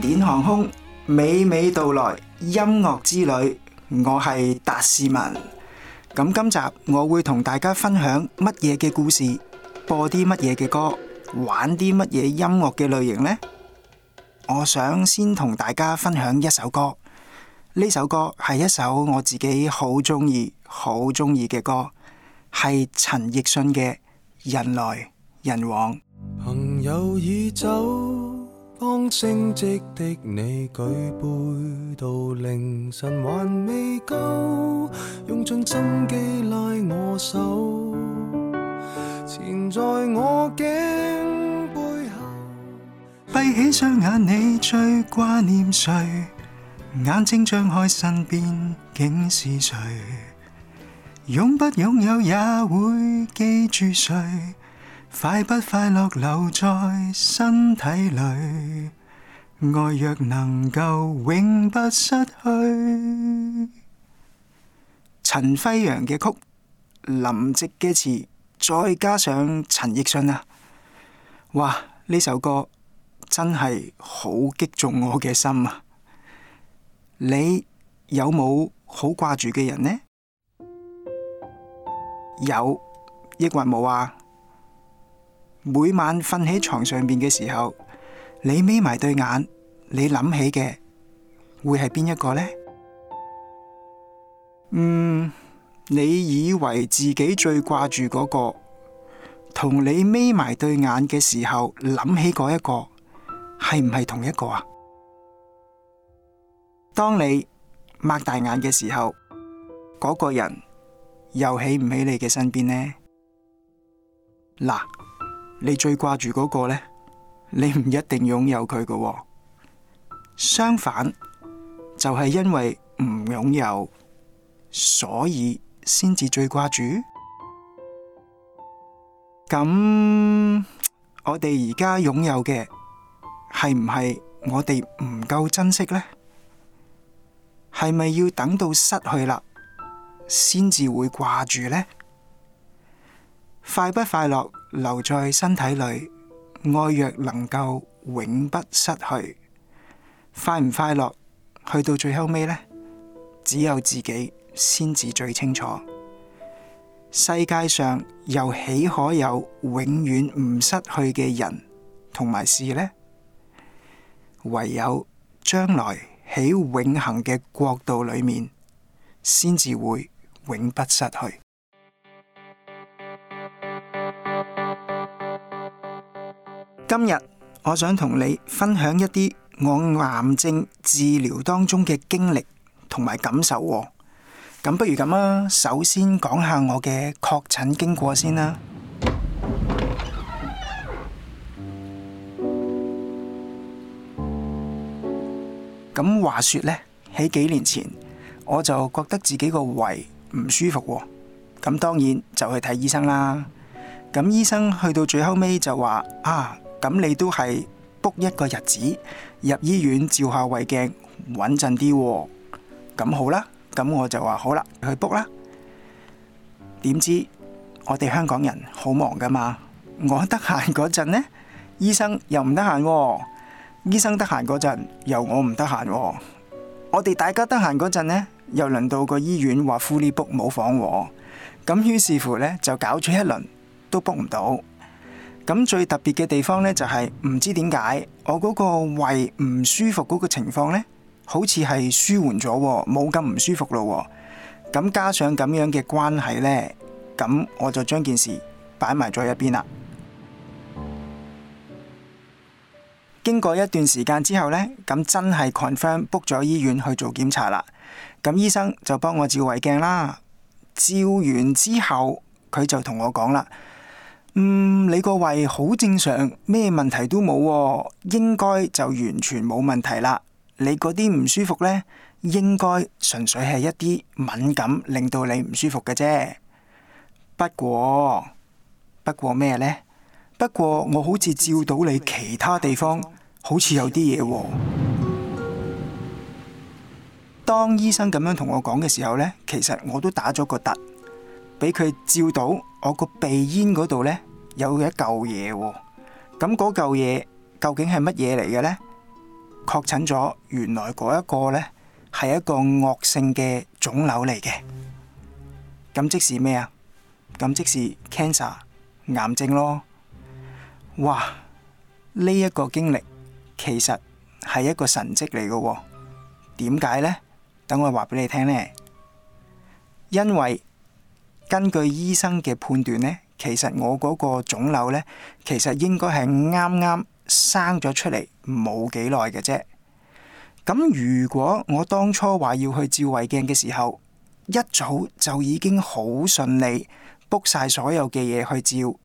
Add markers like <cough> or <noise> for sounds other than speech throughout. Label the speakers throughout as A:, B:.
A: 點航空美美道來音樂之旅，我係達士文。咁今集我會同大家分享乜嘢嘅故事，播啲乜嘢嘅歌，玩啲乜嘢音樂嘅類型呢？我想先同大家分享一首歌，呢首歌係一首我自己好鍾意、好鍾意嘅歌，係陳奕迅嘅《人來人往》。朋
B: 友已走。當升職的你舉，舉杯到凌晨還未夠，用盡心機拉我手，纏在我頸背後。閉起雙眼，你最掛念誰？眼睛張開，身邊竟是誰？擁不擁有也會記住誰？快不快樂留在身體裏，愛若能夠永不失去。陳輝陽嘅曲，
A: 林夕嘅詞，再加上陳奕迅啊，哇！呢首歌真係好擊中我嘅心啊！你有冇好掛住嘅人呢？有，抑或冇啊？每晚瞓喺床上面嘅時候，你眯埋對眼，你諗起嘅會係邊一個呢？嗯，你以為自己最掛住嗰個，同你眯埋對眼嘅時候諗起嗰一個，係唔係同一個啊？當你擘大眼嘅時候，嗰個人又喺唔喺你嘅身邊呢？嗱。你最掛住嗰個呢？你唔一定擁有佢嘅。相反，就係因為唔擁有，所以先至最掛住。咁我哋而家擁有嘅係唔係我哋唔夠珍惜呢？係咪要等到失去啦，先至會掛住呢？快不快樂？留在身體裏，愛若能夠永不失去，快唔快樂？去到最後尾呢，只有自己先至最清楚。世界上又豈可有永遠唔失去嘅人同埋事呢？唯有將來喺永恒嘅國度裏面，先至會永不失去。今日我想同你分享一啲我癌症治療當中嘅經歷同埋感受。咁不如咁啊，首先講下我嘅確診經過先啦。咁話說呢，喺幾年前我就覺得自己個胃唔舒服，咁當然就去睇醫生啦。咁醫生去到最後尾就話啊。咁你都係 book 一個日子入醫院照下胃鏡穩陣啲，咁好啦，咁我就話好啦，去 book 啦。點知我哋香港人好忙噶嘛，我得閒嗰陣呢，醫生又唔得閒，醫生得閒嗰陣又我唔得閒，我哋大家得閒嗰陣呢，又輪到個醫院話 full book 冇房，咁於是乎呢，就搞咗一輪都 book 唔到。咁最特別嘅地方呢，就係唔知點解我嗰個胃唔舒服嗰個情況呢，好似係舒緩咗，冇咁唔舒服咯。咁加上咁樣嘅關係呢，咁我就將件事擺埋咗一邊啦。經過一段時間之後呢，咁真係 confirm book 咗醫院去做檢查啦。咁醫生就幫我照胃鏡啦，照完之後佢就同我講啦。嗯，你個胃好正常，咩問題都冇，應該就完全冇問題啦。你嗰啲唔舒服呢，應該純粹係一啲敏感令到你唔舒服嘅啫。不過，不過咩呢？不過我好似照到你其他地方，好似有啲嘢。當醫生咁樣同我講嘅時候呢，其實我都打咗個突，俾佢照到。我個鼻咽嗰度呢，有一嚿嘢，咁嗰嚿嘢究竟係乜嘢嚟嘅呢？確診咗，原來嗰一個呢，係一個惡性嘅腫瘤嚟嘅，咁即是咩啊？咁即是 cancer 癌症咯。哇！呢一個經歷其實係一個神跡嚟嘅，點解呢？等我話俾你聽呢！因為。根據醫生嘅判斷呢，其實我嗰個腫瘤呢，其實應該係啱啱生咗出嚟冇幾耐嘅啫。咁如果我當初話要去照胃鏡嘅時候，一早就已經好順利 book 晒所有嘅嘢去照，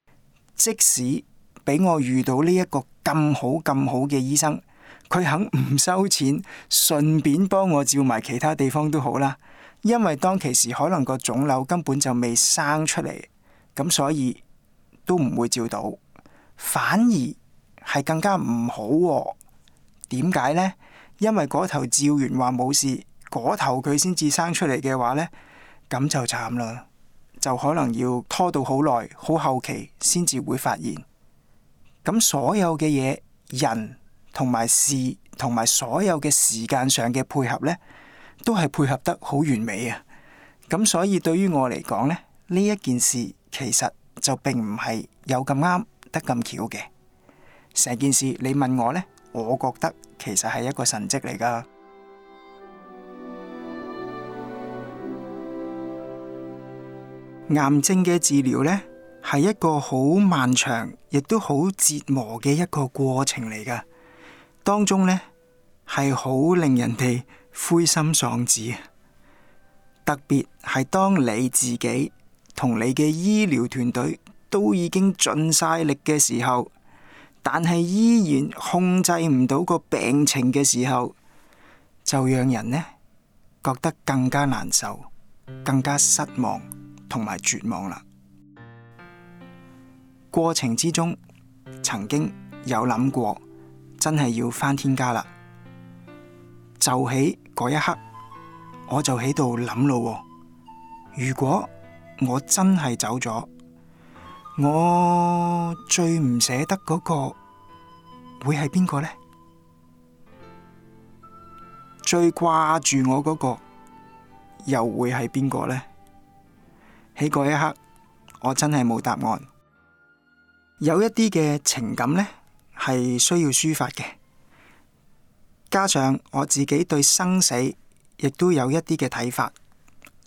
A: 即使俾我遇到呢一個咁好咁好嘅醫生，佢肯唔收錢，順便幫我照埋其他地方都好啦。因為當其時可能個腫瘤根本就未生出嚟，咁所以都唔會照到，反而係更加唔好喎。點解呢？因為嗰頭照完話冇事，嗰頭佢先至生出嚟嘅話呢，咁就慘啦，就可能要拖到好耐、好後期先至會發現。咁所有嘅嘢、人同埋事同埋所有嘅時間上嘅配合呢，都係配合得好完美啊！咁所以對於我嚟講呢，呢一件事其實就並唔係有咁啱得咁巧嘅。成件事你問我呢，我覺得其實係一個神蹟嚟㗎。癌症嘅治療呢，係一個好漫長亦都好折磨嘅一個過程嚟㗎。當中呢，係好令人哋。灰心喪志，特別係當你自己同你嘅醫療團隊都已經盡晒力嘅時候，但係依然控制唔到個病情嘅時候，就讓人呢覺得更加難受、更加失望同埋絕望啦。過程之中，曾經有諗過，真係要返天家啦，就起。嗰一刻，我就喺度諗咯。如果我真係走咗，我最唔捨得嗰個會係邊個呢？最掛住我嗰個又會係邊個呢？喺嗰一刻，我真係冇答案。有一啲嘅情感呢，係需要抒發嘅。加上我自己對生死亦都有一啲嘅睇法，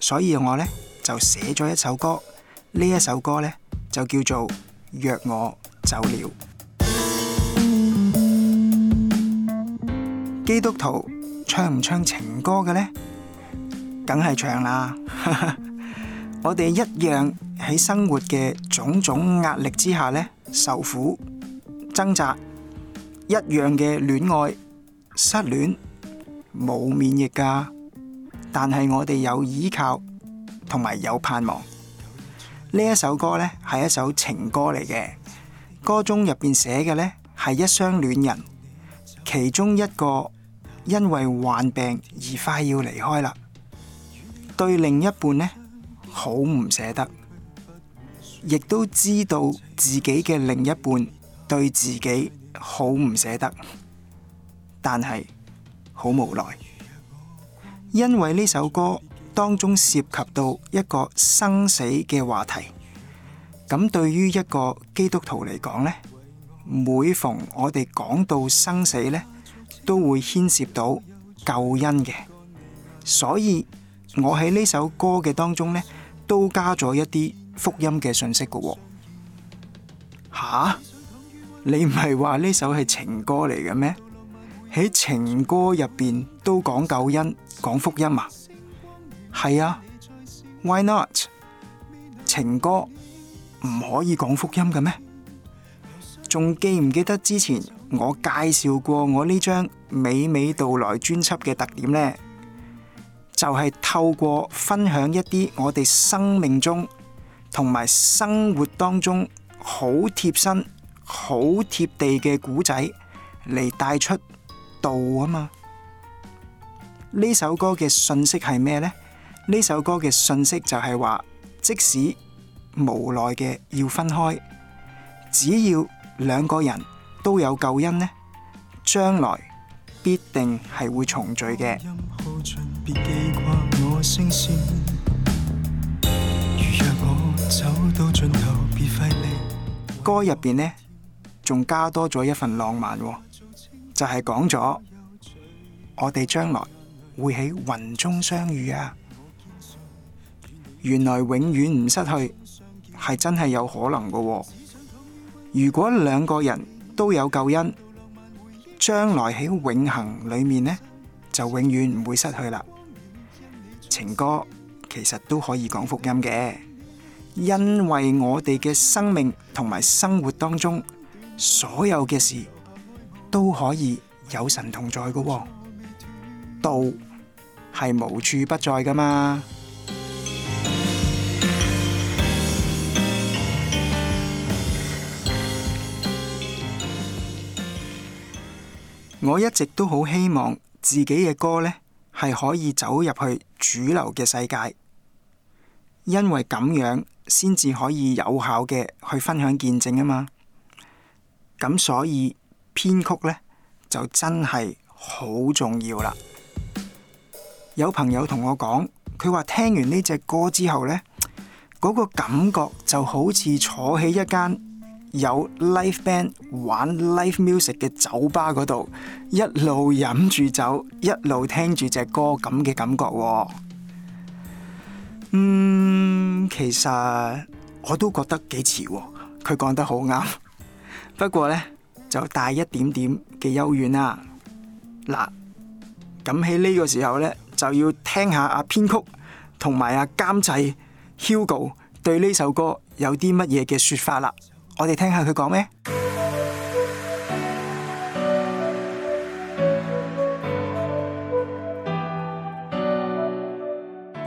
A: 所以我呢就寫咗一首歌。呢一首歌呢就叫做《若我走了》。基督徒唱唔唱情歌嘅呢？梗係唱啦，我哋一樣喺生活嘅種種壓力之下呢受苦掙扎，一樣嘅戀愛。失戀冇免疫噶，但係我哋有依靠同埋有盼望。呢一首歌呢，係一首情歌嚟嘅，歌中入邊寫嘅呢，係一雙戀人，其中一個因為患病而快要離開啦，對另一半呢，好唔捨得，亦都知道自己嘅另一半對自己好唔捨得。但係好無奈，因為呢首歌當中涉及到一個生死嘅話題。咁對於一個基督徒嚟講呢，每逢我哋講到生死呢，都會牽涉到救恩嘅。所以我喺呢首歌嘅當中呢，都加咗一啲福音嘅信息嘅。
B: 吓，
A: 你唔係話呢首係情歌嚟嘅咩？喺情歌入邊都講救恩，講福音啊，係啊，Why not？情歌唔可以講福音嘅咩？仲記唔記得之前我介紹過我呢張《娓娓道來》專輯嘅特點呢？就係透過分享一啲我哋生命中同埋生活當中好貼身、好貼地嘅故仔嚟帶出。道啊嘛，呢首歌嘅信息係咩呢？呢首歌嘅信息就係話，即使無奈嘅要分開，只要兩個人都有救恩呢，將來必定係會重聚嘅。歌入邊呢，仲加多咗一份浪漫。就係講咗，我哋將來會喺雲中相遇啊！原來永遠唔失去係真係有可能㗎喎、啊。如果兩個人都有救恩，將來喺永恆裏面呢，就永遠唔會失去啦。情歌其實都可以講福音嘅，因為我哋嘅生命同埋生活當中所有嘅事。都可以有神同在噶、哦，道係無處不在噶嘛。我一直都好希望自己嘅歌呢，係可以走入去主流嘅世界，因為咁樣先至可以有效嘅去分享見證啊嘛。咁所以。編曲呢，就真係好重要啦！有朋友同我講，佢話聽完呢隻歌之後呢，嗰個感覺就好似坐喺一間有 live band 玩 live music 嘅酒吧嗰度，一路飲住酒，一路聽住隻歌咁嘅感覺、哦。
B: 嗯，
A: 其實我都覺得幾似、哦，佢講得好啱。不過呢。就大一點點嘅幽怨啦。嗱，咁喺呢個時候呢，就要聽下啊編曲同埋啊監製 Hugo 對呢首歌有啲乜嘢嘅說法啦。我哋聽下佢講咩。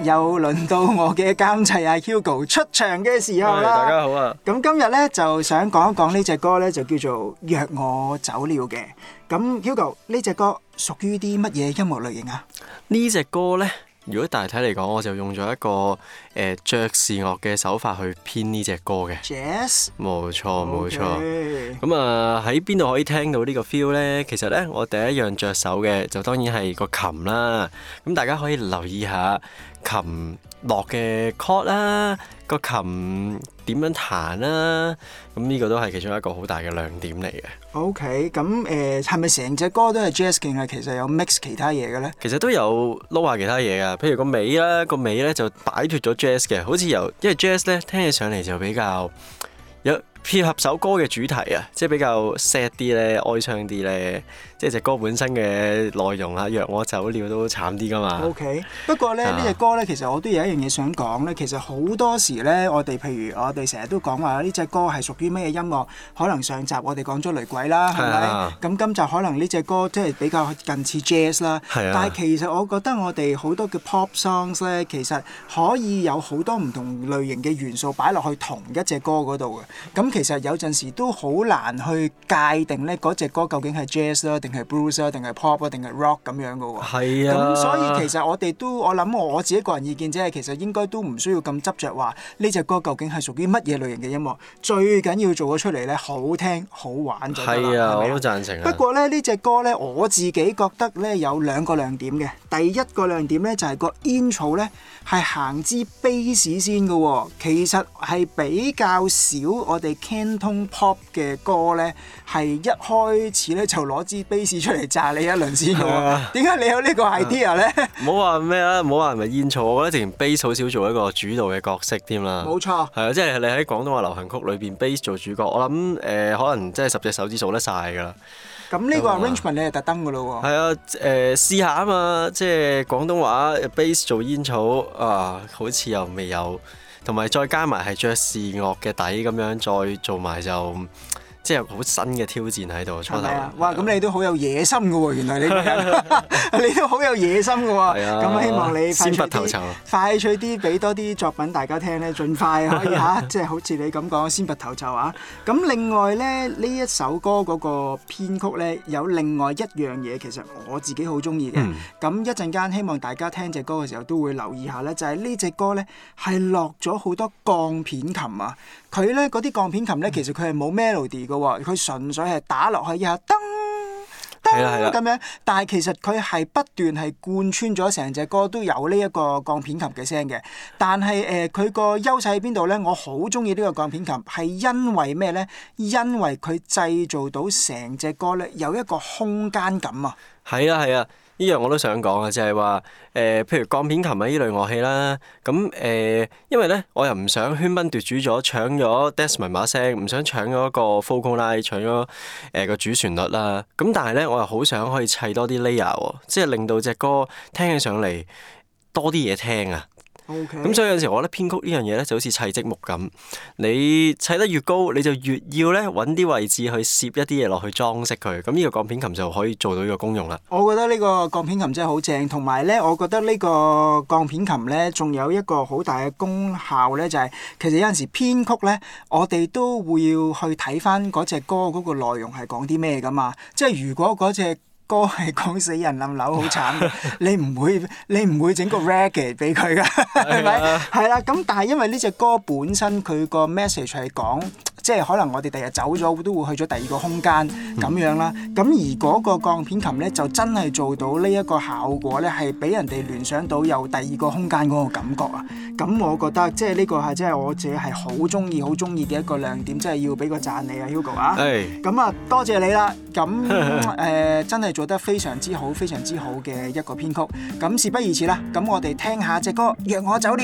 A: 又輪到我嘅監製阿 Hugo 出場嘅時候。hey，大家好啊！咁今日呢，就想講一講呢隻歌呢，就叫做《約我走了》嘅。咁 Hugo 呢隻歌屬於啲乜嘢音樂類型啊？呢
C: 隻歌呢？如果大體嚟講，我就用咗一個誒、呃、爵士樂嘅手法去編呢隻歌嘅。冇錯冇錯。咁啊 Okay.，喺邊度可以聽到呢個 feel 呢？其實呢，我第一樣着手嘅就當然係個琴啦。咁大家可以留意下琴。落嘅 chord 啦，個琴點樣彈啦，咁呢個都係其中一個好大嘅亮點嚟嘅。
A: OK，咁誒係咪成隻歌都係 jazz 嘅？其實有 mix 其他嘢嘅咧。
C: 其實都有 load 下其他嘢㗎。譬如個尾啦，個尾咧就擺脫咗 jazz 嘅，好似由因為 jazz 咧聽起上嚟就比較有貼合首歌嘅主題啊，即係比較 sad 啲咧，哀傷啲咧，即係隻歌本身嘅內容啊，若我走了都慘啲噶嘛。O
A: K，不過咧，呢隻是、啊、歌咧，其實我都有一樣嘢想講咧，其實好多時咧，我哋譬如我哋成日都講話呢隻歌係屬於咩嘢音樂，可能上集我哋講咗雷鬼啦，係咪是、啊？咁今集可能呢隻歌即係比較近似 jazz 啦，係是啊。但係其實我覺得我哋好多嘅 pop songs 咧，其實可以有好多唔同類型嘅元素擺落去同一隻歌嗰度嘅，咁。其實有陣時都好難去界定咧，嗰隻歌究竟係 jazz 啦，定係 blues 啦，定係 pop 定係 rock 咁樣噶喎。係啊，咁所以其實我哋都，我諗我自己個人意見啫，其實應該都唔需要咁執着話呢隻歌究竟係屬於乜嘢類型嘅音樂。最緊要做咗出嚟咧，好聽好玩就得係是啊吧，我都
C: 贊成。不過
A: 咧，呢隻歌咧，我自己覺得咧有兩個亮點嘅。第一個亮點咧就係、是、個 Intro 咧係行支 bass 先噶喎、哦，其實係比較少我哋。Canton pop 嘅歌咧，係一開始咧就攞支 bass 出嚟炸你一輪先嘅喎。點解、啊、你有這個呢個 idea
B: 咧？唔
C: 好話咩啦，唔好話係咪 intro？Ro, 我覺得連 bass 好少做一個主導嘅角色添啦。冇錯。係啊，即、就、係、是、你喺廣東話流行曲裏邊，bass 做主角，我諗誒、呃、可能即係十隻手指數得晒㗎啦。
A: 咁呢個 arrangement 你係特登㗎咯喎。
C: 係啊，誒、呃、試下啊嘛，即、就、係、是、廣東話 bass 做 intro 啊，好似又未有。同埋再加埋係爵士樂嘅底咁樣，再做埋就。即係好新嘅挑戰喺度，吧初頭。
A: 哇！咁你都好有野心嘅喎， <laughs> 原來你 <laughs> 你都好有野心嘅喎。咁、 <laughs> 啊、希望你先拔頭籌，快脆啲俾多啲作品大家聽咧，盡快可以吓，即係 <laughs> 好似你咁講，先拔頭籌啊！咁另外咧，呢一首歌嗰個編曲咧，有另外一樣嘢，其實我自己好中意嘅。咁、嗯、一陣間希望大家聽隻歌嘅時候都會留意下咧，就係、是、呢隻歌咧係落咗好多鋼片琴啊！佢咧嗰啲鋼片琴咧，其實佢係冇 melody 嘅喎、哦，佢純粹係打落去一下噔
B: 噔咁
A: 樣。但係其實佢係不斷係貫穿咗成隻歌都有呢一個鋼片琴嘅聲嘅。但係誒，佢、呃、個優勢喺邊度咧？我好中意呢個鋼片琴係因為咩咧？因為佢製造到成隻歌咧有一個空間感啊！
C: 係啊係啊！呢樣我都想講啊，就係話誒，譬如鋼片琴啊呢類樂器啦，咁誒，因為咧我又唔想喧賓奪主咗，搶咗 Desmond 把聲，唔想搶咗個 vocal line，搶咗誒個主旋律啦，咁但係咧我又好想可以砌多啲 layer，即係令到隻歌聽起上嚟多啲嘢聽啊！咁 Okay. 所以有陣時我覺得編曲呢樣嘢咧就好似砌積木咁，你砌得越高，你就越要咧搵啲位置去攝一啲嘢落去裝飾佢。咁呢個鋼片琴就可以做到呢個功用啦。
A: 我覺得呢個鋼片琴真係好正，同埋咧我覺得呢個鋼片琴咧仲有一個好大嘅功效咧，就是，就係其實有陣時編曲咧，我哋都會要去睇返嗰隻歌，嗰個內容係講啲咩㗎嘛？即係如果嗰隻歌係講死人冧樓好慘。 <laughs> 你唔會你唔會整個 reggae 俾佢㗎，係咪？係啦，咁但係因為呢隻歌本身佢個 message 係講。即係可能我哋第日走咗都會去咗第二個空間咁、嗯、樣啦，咁而嗰個鋼片琴呢，就真係做到呢一個效果呢，係俾人哋聯想到有第二個空間嗰個感覺啊！咁我覺得即係呢個係真係我自己係好中意、好中意嘅一個亮點，即係要俾個讚你啊，Hugo 啊！咁啊，多謝你啦！咁誒、 <laughs> 呃，真係做得非常之好、非常之好嘅一個編曲。咁事不宜遲啦，咁我哋聽下隻歌《若我走了》。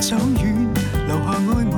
B: 走遠，留下愛慕。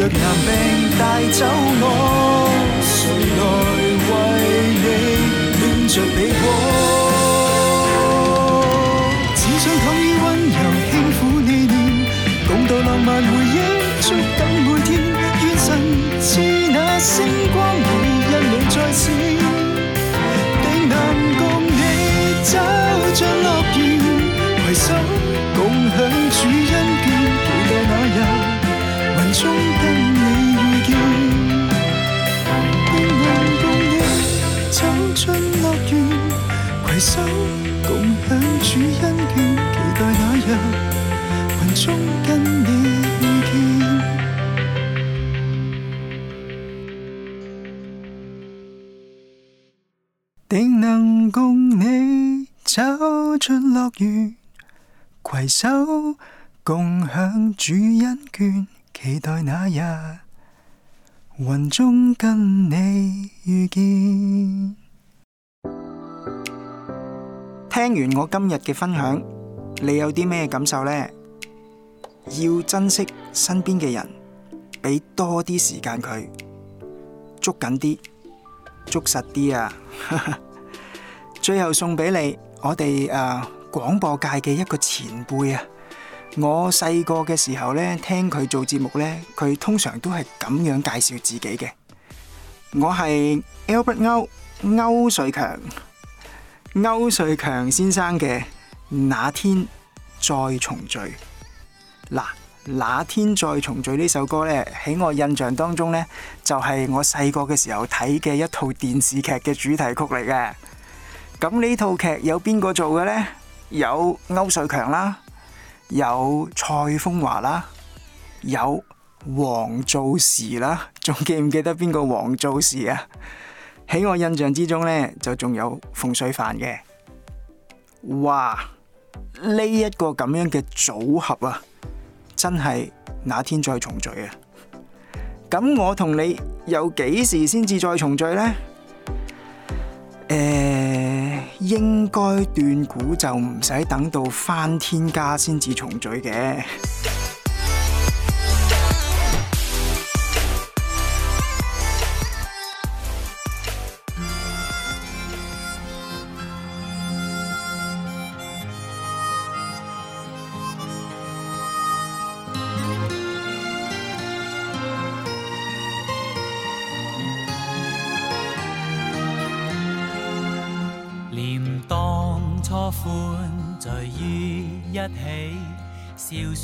B: 若然病帶走我，誰來為你暖着被窩？只想躺於溫柔輕撫你面，共度浪漫回憶，捉緊每天，願神賜那星。攜手共享主恩眷，期待那日雲中跟你遇見，定能共你走出樂園。攜手共享主恩眷，期待那日雲中跟你遇見。
A: 聽完我今日嘅分享，你有啲咩感受呢？要珍惜身邊嘅人，俾多啲時間佢，捉緊啲，捉實啲啊！最後送俾你，我哋啊廣播界嘅一個前輩啊！我細個嘅時候呢，聽佢做節目呢，佢通常都係咁樣介紹自己嘅，我係 Albert 區，區瑞強。歐瑞強先生嘅《那天再重聚》，嗱，《那天再重聚》呢首歌呢，喺我印象當中呢，就係我細個嘅時候睇嘅一套電視劇嘅主題曲嚟嘅。咁呢套劇有邊個做嘅呢？有歐瑞強啦，有蔡楓華啦，有黃造時啦。仲記唔記得邊個黃造時啊？喺我印象之中呢，就仲有鳳水飯嘅，哇！呢、這、一個咁樣嘅組合啊，真係那天再重聚啊！咁我同你又幾時先至再重聚呢？誒、欸，應該斷估就唔使等到返天家先至重聚嘅。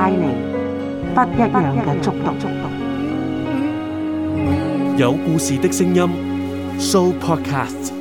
C: 帶嚟不一樣嘅觸動，有故事的聲音，Show Podcast。